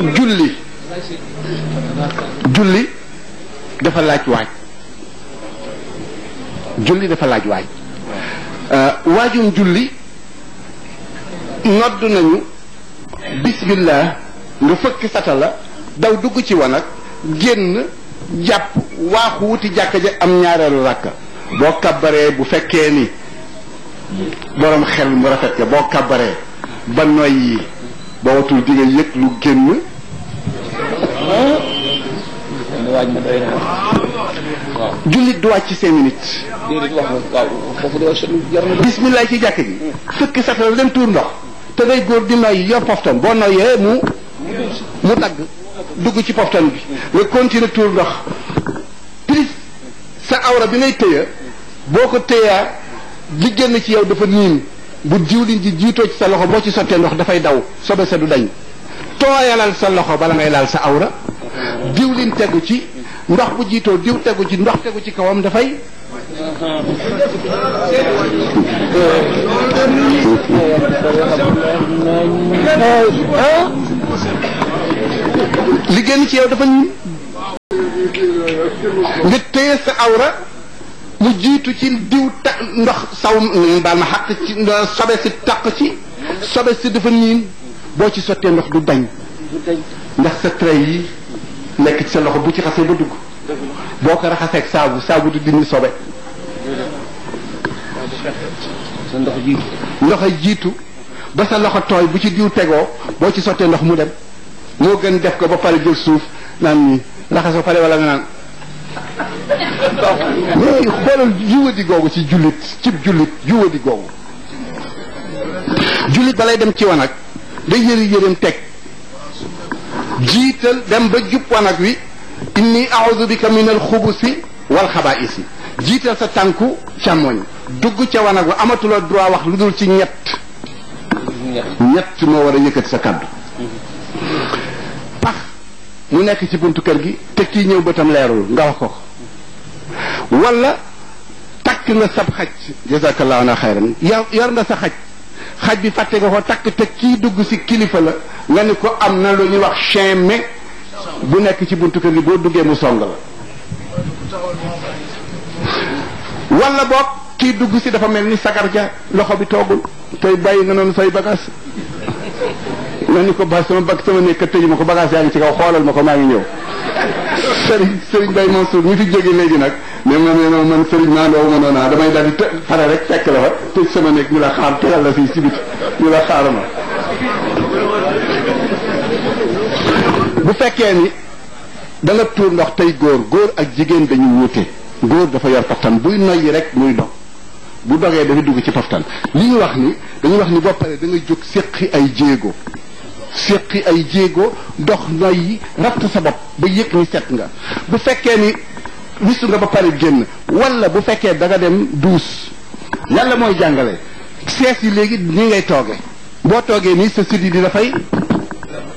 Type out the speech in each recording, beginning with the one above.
julli julli dafa laaj waaj julli dafa laaj waaj euh, waajum julli nodd nañu bismillah nga fëkk satala daw dugg ci wanag génn jàpp waaxu wuti jàkka ja am ñaareelu rakka boo kabaree bu fekkee ni borom xel mu rafet nga boo kabaree ba noy yi ba watul di nga yëg lu génn. jullit du wàcc cinq minutes. bismillah ci jàkk ji. fëkk satala dem tuur ndox. te day góor di noyyi yor poftan boo noyyee mu. mu dagg dugg ci poftan bi. nga continuer tuur ndox. plus sa awra bi ngay téye. boo ko téyaa li génn ci yow dafa niin. bu diwlin ji jiitoo ci sa loxo boo ci sottee ndox dafay daw sobe sa du dañ tooyalal sa loxo bala ngay laal sa awra diwlin tegu ci ndox bu jiitoo diw tegu ci ndox tegu ci kawam dafay li génn ci yow dafa nga téye sa awra mu jiitu ci diw ta ndox saw baal ma xàq ci sobe ci tak ci sobe ci dafa niin boo ci sottee ndox du dañ ndax sa trait yi nekk ci sa loxo bu ci xasee ba dugg boo ko raxasee ak saabu saabu du dindi sobe ndox jiitu ba sa loxo tooy bu ci diw tegoo boo ci sottee ndox mu dem moo gën def ko ba pare jël suuf naan nii raxas ba pare wala nga naan léegi ci jullit cib jullit juwadi googu dem ci wanag day yëri teg jiital ba jub wanag wi inni aoudu bika min al xubusi wal xabaisi sa tànku càmmoñ dugg ca wanag wa amatuloo ci ñett ñett sa kàddu mu nekk ci buntu kër gi te kii ñëw bëtam leerul nga wax ko wala takk nga sab xaj jazakallahu ana xayran yor yor nga sa xaj xaj bi fàtte nga ko takk te kii dugg si kilifa la nga ni ko am na lu ñuy wax cheme bu nekk ci buntu kër gi boo duggee mu song la wala boog kii dugg si dafa mel ni sagar ja loxo bi toogul tey bàyyi nga noonu say bagage nga ni ko ba sama bag sama tëju ma ko bagage yaa ngi ci kaw xoolal ma ko maa ngi ñëw Serigne Serigne Baye Mansour ñu fi jóge léegi nag mais moom nee ma man sëriñ maa ndoowu ma ah, naa damay daal di të pare rek fekk la fa tëj sama nekk ñu la xaar tegal la fii si biti ñu la xaar ma bu fekkee ni da nga tuur ndox tey góor góor ak jigéen dañuy wuute góor dafa yor paftan buy yi rek muy dog bu dogee dafa dugg ci paftan li ñu wax ni dañu wax ni boo paree da nga jóg séqi ay jéego séqi ay jéego dox yi ratt sa bopp ba yëg ni set nga bu fekkee ni wistu nga ba pare génn wala bu fekkee da nga dem duus yàlla mooy jàngale sees yi léegi nii ngay tooge boo toogee nii sa siddi di dafay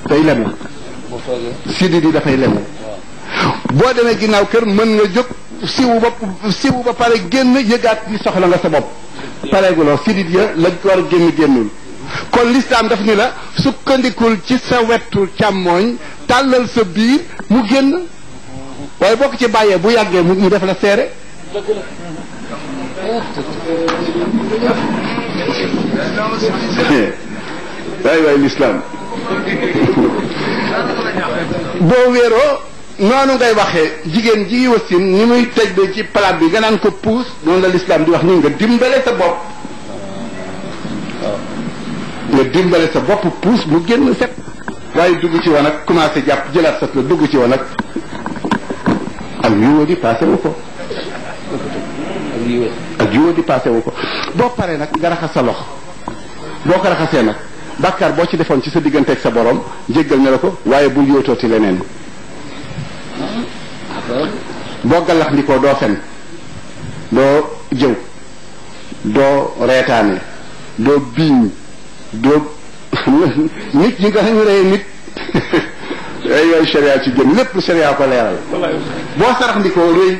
day lemu siddi di dafay lemu boo demee ginnaaw kër mën nga jóg siwu ba siwu ba pare génn yëgaat ni soxla nga sa bopp pareeguloo siddi ya la war a génn génnul kon lislaam daf ni la sukkandikul ci sa wetu càmmooñ tàllal sa biir mu génn waaye boo ci bàyyee bu yàggee mu mu def la seere waay waay lislaam boo wéeroo noonu ngay waxee jigéen ji wasin ni muy tëj bi ci palaat bi nga naan ko puus noonu la lislaam di wax ni nga dimbale sa bopp nga dimbale sa bopp puus mu génn set waaye dugg ci wanag commencé jàpp jëlaat sat la dugg ci wanag ak yuwa di wu ko ak yuwa di passé wu ko boo paree nag nga raxas sa loxo boo ko raxasee nag bàkkaar boo ci defoon ci sa diggante ak sa borom jéggal na ko waaye bul yóotooti leneen boo gallax ndikoo doo fen doo jëw doo reetaane doo biiñ doo nit ñi nga xam ne reye nit Eh, yooyu sharia ci jëm lépp sharia ko leeral boo sarax ndikoo rëy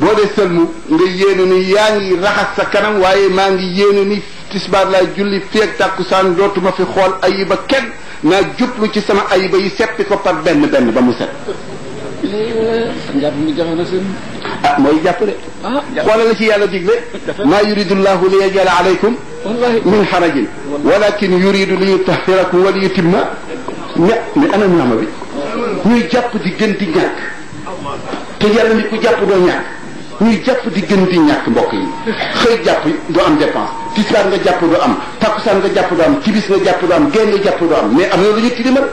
boo dee sëlmu nga yéenu ni yaa ngi raxas sa kanam waaye maa ngi yéenu ni tisbaar laay julli feeg tàkkusaan dootuma fi xool ayiba kenn naa jublu ci sama ayiba yi seppi ko par benn benn ba mu set ah mooy jàpp de xoolal la ci yàlla digle maa yuridu llahu li yajala alaykum min xarajin walakin ña mais ana ñaama bi ñuy jàpp di gën di ñàkk te yàlla ni ku jàpp doo ñàkk ñuy jàpp di gën di ñàkk mbokk yi xëy jàpp doo am dépense tisbaar nga jàpp doo am takkusaan nga jàpp doo am tibis nga jàpp doo am gay nga jàpp doo am mais am na lu ñu tilimal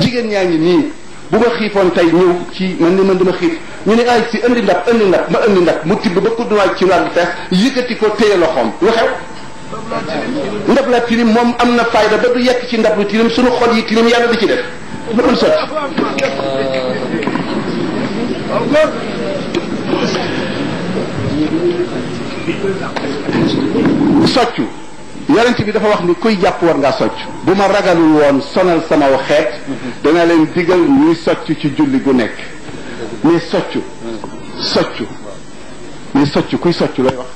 jigéen ñaa ngi nii bu ma xiifoon tey ñëw ci man ne man dama xiif ñu ne ay si indi ndab indi ndab ma indi ndab mu tibb ba kudd waaj ci noor bi fees yëkkati ko téye loxoom lu xew ndab laa moom am na fayda ba ci ndab lu tilim suñu xol yi tilim yàlla di ci def loolu sot soccu yonent bi dafa wax ni kuy jàpp war ngaa socc bu ma ragalul woon sonal sama xeet dana leen digal ñuy soccu ci julli gu nekk mais soccu soccu mais soccu kuy soccu lay wax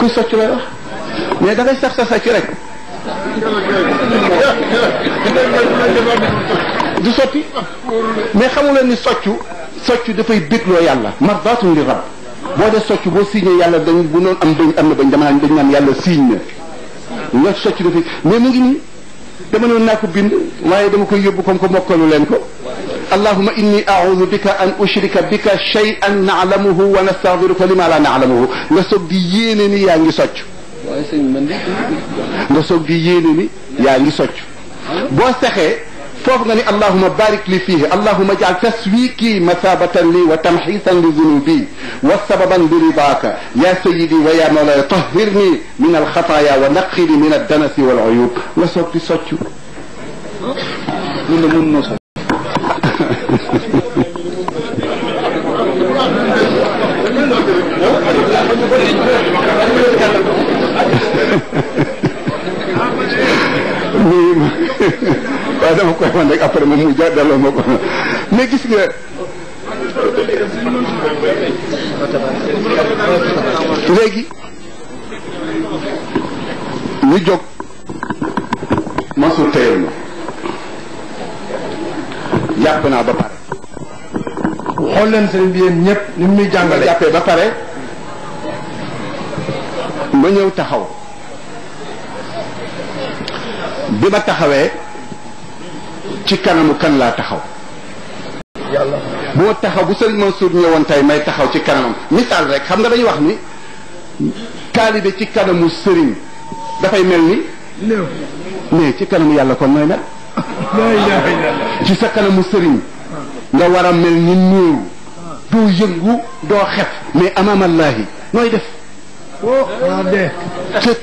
kuy socc lay wax mais da ngay sax sa socc rek du sotti mais xamu leen ni soccu soccu dafay bégloo yàlla mardatun li rab boo dee soccu boo signé yàlla dañ bu noonu am bañ am na bañ dama naan dañ naan yàlla signe na nga soccu dafay mais mu ngi nii dama noonu naa ko bind waaye dama koy yóbbu comme que mokkalu leen ko اللهم إني أعوذ بك أن أشرك بك شيئا نعلمه ونستغفرك لما لا نعلمه نسوك دي ييني يا نجي سوك نسوك دي يا نجي سوك بو اللهم بارك لي فيه اللهم اجعل تسويكي مثابة لي وتمحيصا لذنوبي وسببا برضاك يا سيدي ويا مولاي طهرني من الخطايا ونقلي من الدنس والعيوب نسوك دي سوك lii waaw dama koy wan rek après moom mu jaar delloo ma ko mais gis nga léegi ñu jóg masu teyal ma jàpp naa ba pare xool leen sëriñ bi yéen ñëpp ni muy jàngale jàppee ba pare ma ñëw taxaw bi ma taxawé ci kanamu kan la taxaw bo taxaw bu sëriñ Mansour ñewon tay may taxaw ci kanam misal rek xam nga dañuy wax ni talibé ci kanamu sëriñ dafay mel ni né ci kanamu yàlla kon mooy mel ci sa kanamu sëriñ nga wara a mel ni nuuru doo yëngu do xef mais amama allah nooy def Oh, waaw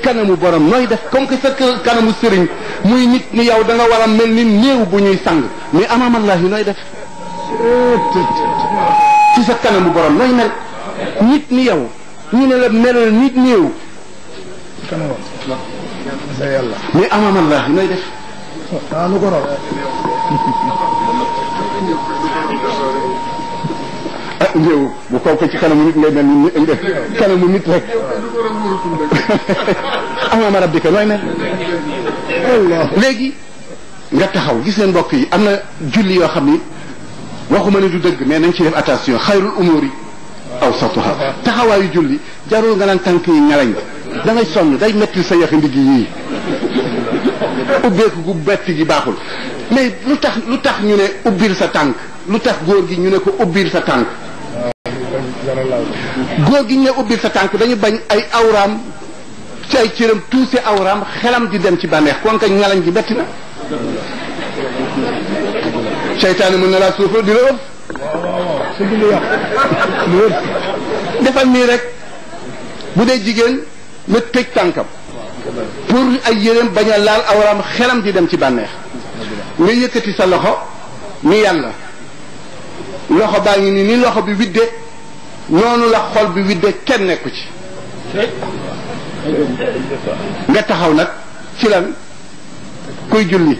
kanamu borom nooy def comme que sa kanamu sëriñ muy nit ni yow da nga war a mel ni néew bu ñuy sang mais amaamallaahi nooy def ci sa kanamu borom nooy mel nit ni yow ñu ne la melal nit néew mais amaamallaahi nooy def njéewu bu kooku ci kanamu nit ngay mel ni kanamu nit rek amaama rabbika nooy mel léegi nga taxaw gis ngeen mbokk yi am na julli yoo xam ni waxuma ne du dëgg mais nañ ci def attention xayrul umur yi awsatuha taxawaayu julli jarul nga naan tànk yi ñalañ da ngay sonn day metti sa yaxi ndigg yii ubbeeku gu betti gi baaxul mais lu tax lu tax ñu ne ubbil sa tànk lu tax góor gi ñu ne ko ubbil sa tànk góor gi ñu ne ubbil sa tànk dañu bañ ay awraam ci ay cëram tuuse awraam xelam di dem ci bànneex kon kañ ngalañ ji betti na seytaane mën na laa suufal di la defal nii rek bu dee jigéen na tëj tànkam pour ay yéreem bañ a laal awraam xelam di dem ci bànneex nga yëkkati sa loxo ni yàlla loxo baa ngi ni ni loxo bi widde noonu la xol bi widde kenn nekku ci nga taxaw nag ci lan kuy julli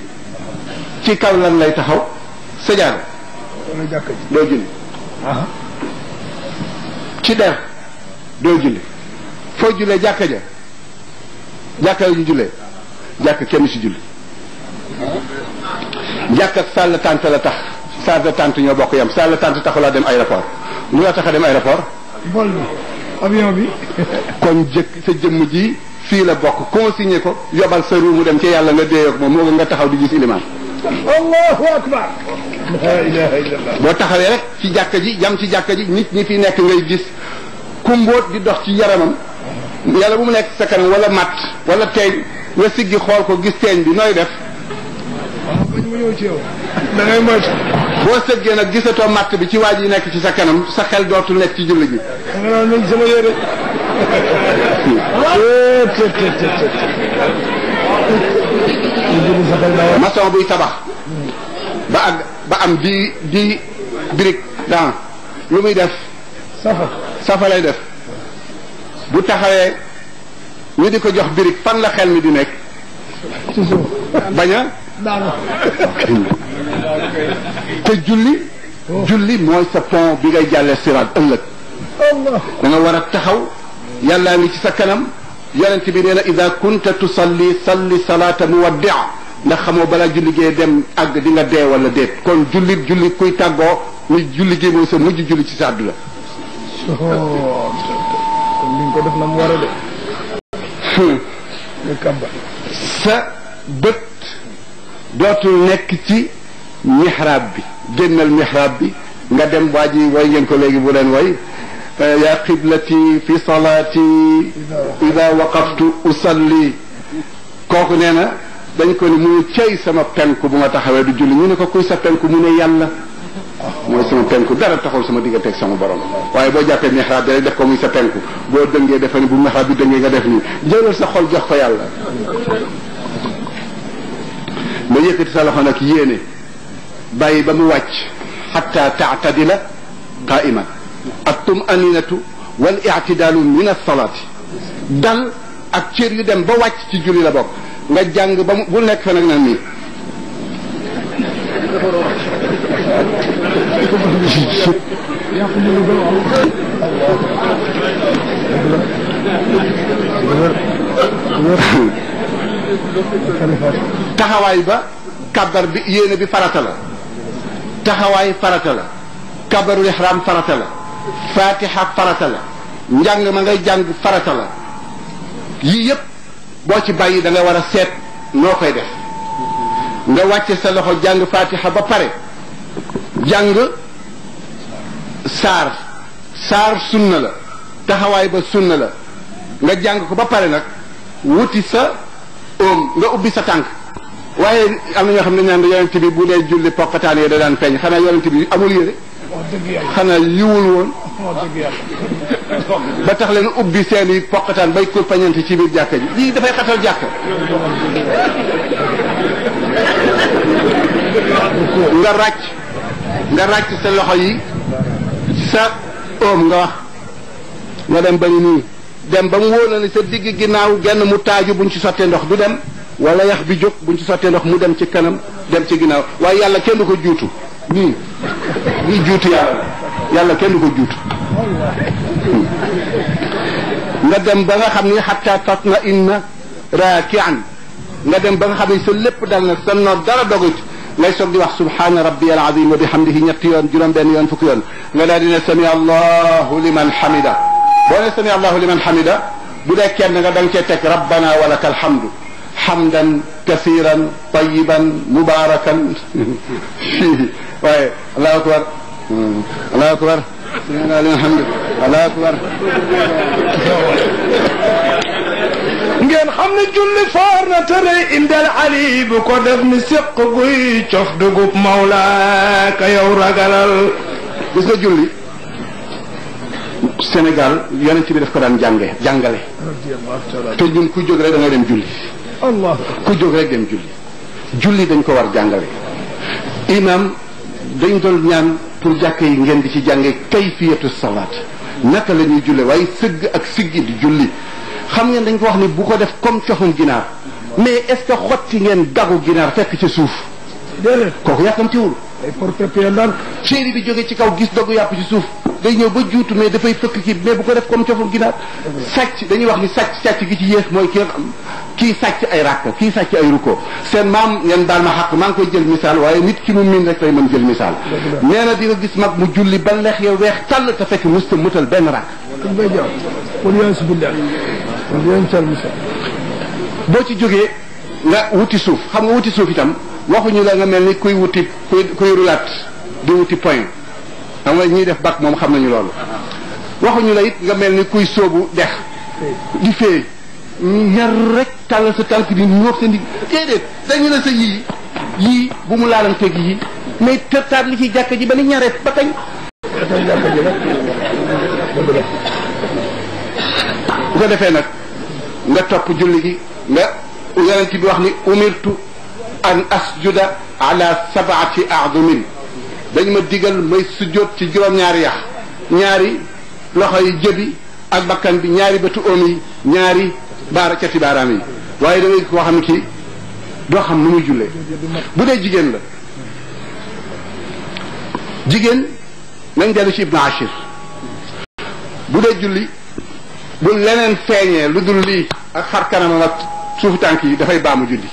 ci kaw lan lay taxaw sajaan doo julli ci der doo julli foo jullee jàkka ja jàkka yu jullee jàkka kenn si julli jàkka sàll tànt la tax salle de ñoo bokk yam salle de taxu la dem aéroport lu la taxa a dem aéroport. bol bi avion bi. kon jëkk sa jëm ji fi la bokk consigné ko yobal sa ruu mu dem ci yàlla nga dee ak moom moo nga taxaw di gis iliman allahu akbar. la ilaha illallah. boo taxawee rek ci jàkka ji jam ci jàkka ji nit ñi fi nekk ngay gis kumboot di dox ci yaramam. yàlla bu mu nekk sa kanam wala mat wala teeñ nga siggi xool ko gis teeñ bi nooy def. waaw bañ ma ñëw ci yow da ngay moytu. boo sëggee nag gisatoo matt bi ci waa ji nekk ci sa kanam sa xel dootul nekk ci julli gi. sama buy tabax. ba ak ba am di di brique dans lu muy def. safa safa lay def bu taxawee ñu di ko jox birig fan la xel mi di nekk. baña te julli julli mooy sa pont bi ngay jàllee siraat ëllëg da nga war a taxaw yàllaa ngi ci sa kanam yonent bi nee na ida kunta tusalli salli salaata muwaddia ndax xamoo balaa julli gee dem àgg di nga dee wala déet kon jullit julli kuy tàggoo ni julli gi mooy sa mujj julli ci sa àdduna kon ni ko def na mu war a de sa bët dootul nekk ci mihrab bi génnal mihrab bi nga dem waa ji way ngeen ko léegi bu leen way yaa qiblati fi salaati ida waqaftu usalli kooku nee na dañ ko ne mu cey sama penku bu ma taxawee du julli ñu ne ko kuy sa penku mu ne yàlla mooy sama penku dara taxul sama digganteeg sama borom waaye boo jàppee mihrab bi rek def ko muy sa penku boo dëngee defa ni bu mihrab bi dëngee nga def nii jëlal sa xol jox ko yàlla nga yëkkati sa loxo nag yéene bàyyi ba mu wàcc xatta taatadila qaiman attum aninatu wal ictidalu min alsalaati dal ak cër yu dem ba wàcc ci julli la bokk nga jàng ba mu bu nekk fa nag na nii taxawaay ba kàbbar bi yéene bi farata la taxawaay farata la kabarul ihram farata la fatiha farata la njàng ma ngay jàng farata la yii yëpp boo ci bàyyi danga war a seet noo koy def nga wàcce sa loxo jàng fatiha ba pare jàng saar saar sunna la taxawaay ba sunna la nga jàng ko ba pare nag wuti sa oom nga ubbi sa tànk waaye am na ñoo xam ne ñaan yonent bi bu dee julli poqataan yi da daan feeñ xanaa yonent bi amul yére xanaa yiwul woon ba tax leen ubbi seen i poqataan bay kur pañante ci biir jàkka ji lii dafay xatal jàkka nga ràcc nga ràcc sa loxo yi sa oom nga wax nga dem ba nii dem ba mu wóor na ni sa digg ginnaaw genn mu taaju buñ ci sottee ndox du dem wala yax bi jóg buñ ci sottee ndox mu dem ci kanam dem ci ginnaaw waaye yàlla kenn du ko juutu nii nii juutu yàlla yàlla kenn du ko juutu nga dem ba nga xam ni xatta tatna inna raakian nga dem ba nga xam ni sa lépp dal na sa noor dara dogut ngay soog di wax subhana rabbi al azim wa bihamdihi ñetti yoon juróom benn yoon fukki yoon nga daal di ne sami allahu liman hamida boo ne sami allahu liman hamida bu dee kenn nga danga cee teg rabbana wa laka alhamdu حمدا كثيرا طيبا مباركا فيه الله اكبر الله اكبر الله اكبر ngeen xam ne julli foor na tere indal ali bu ko def ni séq buy cof dugub mawla ka yow ragalal gis nga julli sénégal yonent bi daf ko daan jànge jàngale te ñun ku jóg rek da nga dem julli allah ku jóg rek dem julli julli dañ ko war jàngale imam dañ doon ñaan pour jàkk yi ngeen di ci jànge kayfiyatu salaat naka la ñuy julle waaye sëgg ak siggi di julli xam ngeen dañ ko wax ni bu ko def comme coxum ginaar mais est-ce que xotti ngeen dagu ginaar fekk ci suuf déedéet kooku yàkkamtiwul ay porte pied ndànk bi jóge ci kaw gis dogu yàpp ci suuf day ñëw ba juutu mais dafay fëkk kii mais bu ko def comme cofu ginaar sàcc dañuy wax ni sàcc sàcc gi ci yéex mooy kii kii sàcc ay ràkk kii sàcc ay ruko seen maam ngeen daal ma xàq maa ngi koy jël misaal waaye nit ki mu miin rek lay mën jël misaal nee na di nga gis mag mu julli ba leex ya weex tàll te fekk musta mutal benn ràkk bay jaw waliyaasu billah boo ci jógee nga wuti suuf xam nga wuti suuf itam waxuñu la nga mel ni kuy wuti kuy kuy rulaat di wuti point xam nga ñuy def bac moom xam nañu loolu waxuñu la it nga mel ni kuy sóobu dex di fee ñar rek tàllal sa tànk di ñor sa ndig déedéet dañu la sa yii yii bu mu laalanteeg yii mais tërtaat li ci jàkk ji ba ni ñareet ba kañ bu ko defee nag nga topp julli gi nga yonent bi wax ni umirtu an asjuda ala sabaati adumin dañ ma digal may sujjóot ci juróom-ñaari yax ñaari loxo yi jëbi ak bakkan bi ñaari bëtu oom yi ñaari baara cati baaraam yi waaye da ngay koo xam ki doo xam nu muy jullee bu dee jigéen la jigéen nañ dellu ci ibnu ashir bu dee julli bu leneen feeñee lu dul lii ak xar kanamam ak suufu tànk yi dafay baamu julli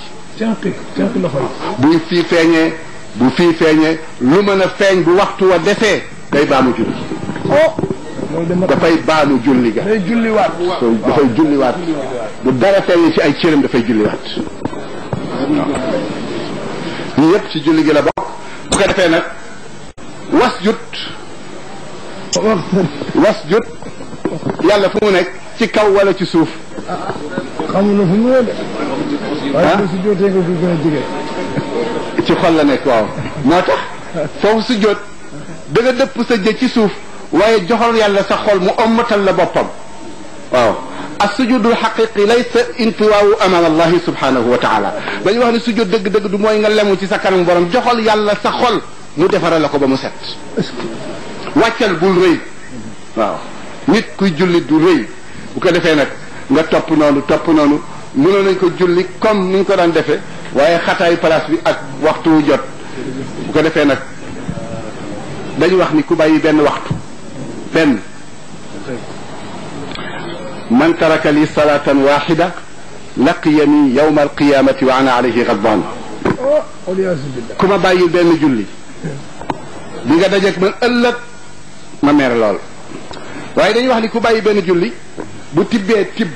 buy fii feeñee bu fii feeñee lu mën a feeñ bu waxtu wa defee day baamu julli oh dafay baamu julli ga day julliwaat dafay bu dara feeñee ci ay cëram dafay julliwaat ñu yépp ci julli gi la bokk bu defee nag was jut was jut yàlla fu mu nekk ci kaw wala ci suuf ah, mu ne ci xol la nekk waaw moo tax foofu su jot da nga dëpp sa jë ci suuf waaye joxal yàlla sa xol mu ommatal la boppam waaw السجود الحقيقي ليس انطواء امام الله سبحانه وتعالى باي واخني سجود دغ دغ دو موي nga lemu ci sa kanam borom joxol yalla sa xol mu defaral la ko ba mu set waccal bul reuy waaw nit kuy julli du reuy bu ko defee nag nga topp noonu topp noonu mënoon nañ ko julli comme ni ñu ko daan defee waaye xataayu place bi ak waxtu jot bu ko defee nag dañu wax ni ku bàyyi benn waxtu benn man taraka li salatan waxida laqiyani yawma alqiyamati wa ana alayhi ghadban ku ma bàyyil benn julli bi nga dajeeg man ëllëg ma mer lool waaye dañuy wax ni ku bàyyi benn julli bu tibbee tibb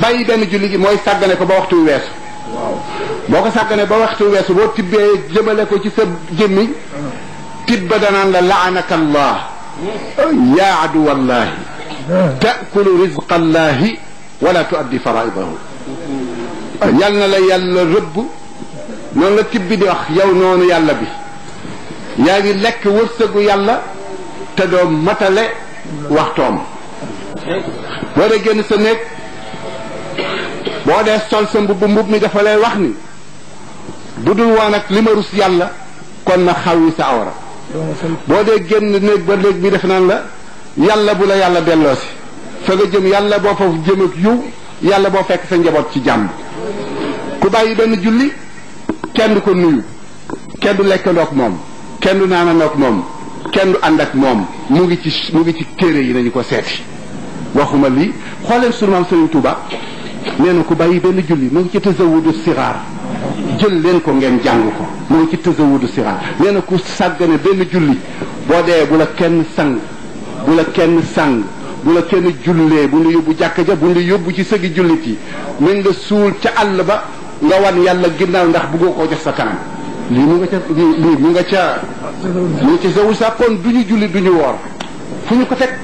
bàyyi benn julli gi mooy sàggane ko ba waxtu weesu boo ko sàgganee ba waxtu weesu boo tibbee jëmale ko ci sa jëmmiñ tibba danaan la laanaka allah yaa aduwa allahi taakulu rizqa allahi wala tuaddi faraidahu yal na la yàlla rëbb noonu la tibbi di wax yow noonu yàlla bi yaa ngi lekk wërsëgu yàlla te doo matale waxtoom boo dee génn sa néeg boo dee sol sa mbubb mbubb mi dafa lay wax ni bu dul woon ak li ma rus yàlla kon na xaw yi sa awra boo dee génn néeg ba néeg bi def naan la yàlla bu la yàlla delloo si fa nga jëm yàlla boo foofu jëm ak yiw yàlla boo fekk sa njaboot ci jàmm ku bàyyi benn julli kenn du ko nuyu kenn du lekkandoog moom kenn du naanandoog moom kenn du ànd ak moom mu ngi ci mu ngi ci téere yi nañu ko seeti waxuma lii xooleen sunu maam Sëriñ nee na ku bàyyi benn julli mu ngi ci tësawudu siraar jël leen ko ngeen jàng ko mu ngi ci tësawudu siraar nee na ku sàggane benn julli boo dee bu la kenn sang bu la kenn sang bu la kenn jullee bu ñu yóbbu jàkka ja bu ñu yóbbu ci sëgi jullit yi mën nga suul ca àll ba nga wan yàlla ginnaaw ndax bëggoo koo jox sa kanam lii mu nga ca lii mu nga ca mu nga ca sawul sa kon du ñu julli du ñu woor fu ñu ko teg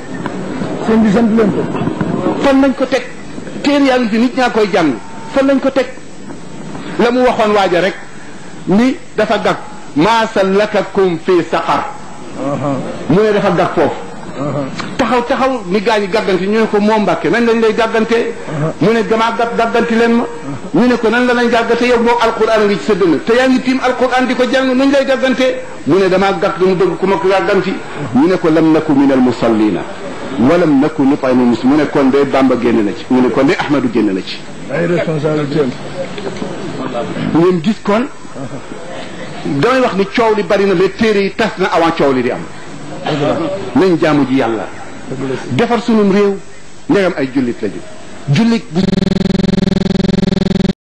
seen di sant leen ko fan nañ ko teg téere yaa ngi fi nit ñaa koy jàng fan lañ ko teg la mu waxoon waaja rek ni dafa gag maa salakakum fi saqar mu ne dafa gag foofu taxaw taxaw ni gaa ñi gàggante ñu ne ko moom mbàkke nañ lañ lay gàggante mu ne gamaa gag gàggante leen ma ñu ne ko nan la lañ gàggante yow boo alquran ngi ci sa dënn te yaa ngi tiim alquran di ko jàng nuñ lay gàggante mu ne damaa gàg mu dëgg ku ma gàgganti ñu ne ko lam naku min al musallina walam nakku ñu fay mu nekkoon ne kon de Bamba génn na ci mu ne kon de Ahmadou génn na ci. ay responsabilité ngeen gis kon damay wax ni coow li bari na mais téere yi tas na avant coow li di am. nañ jaamu ji yàlla. defar sunum réew ndegam ay jullit lañu jullit bu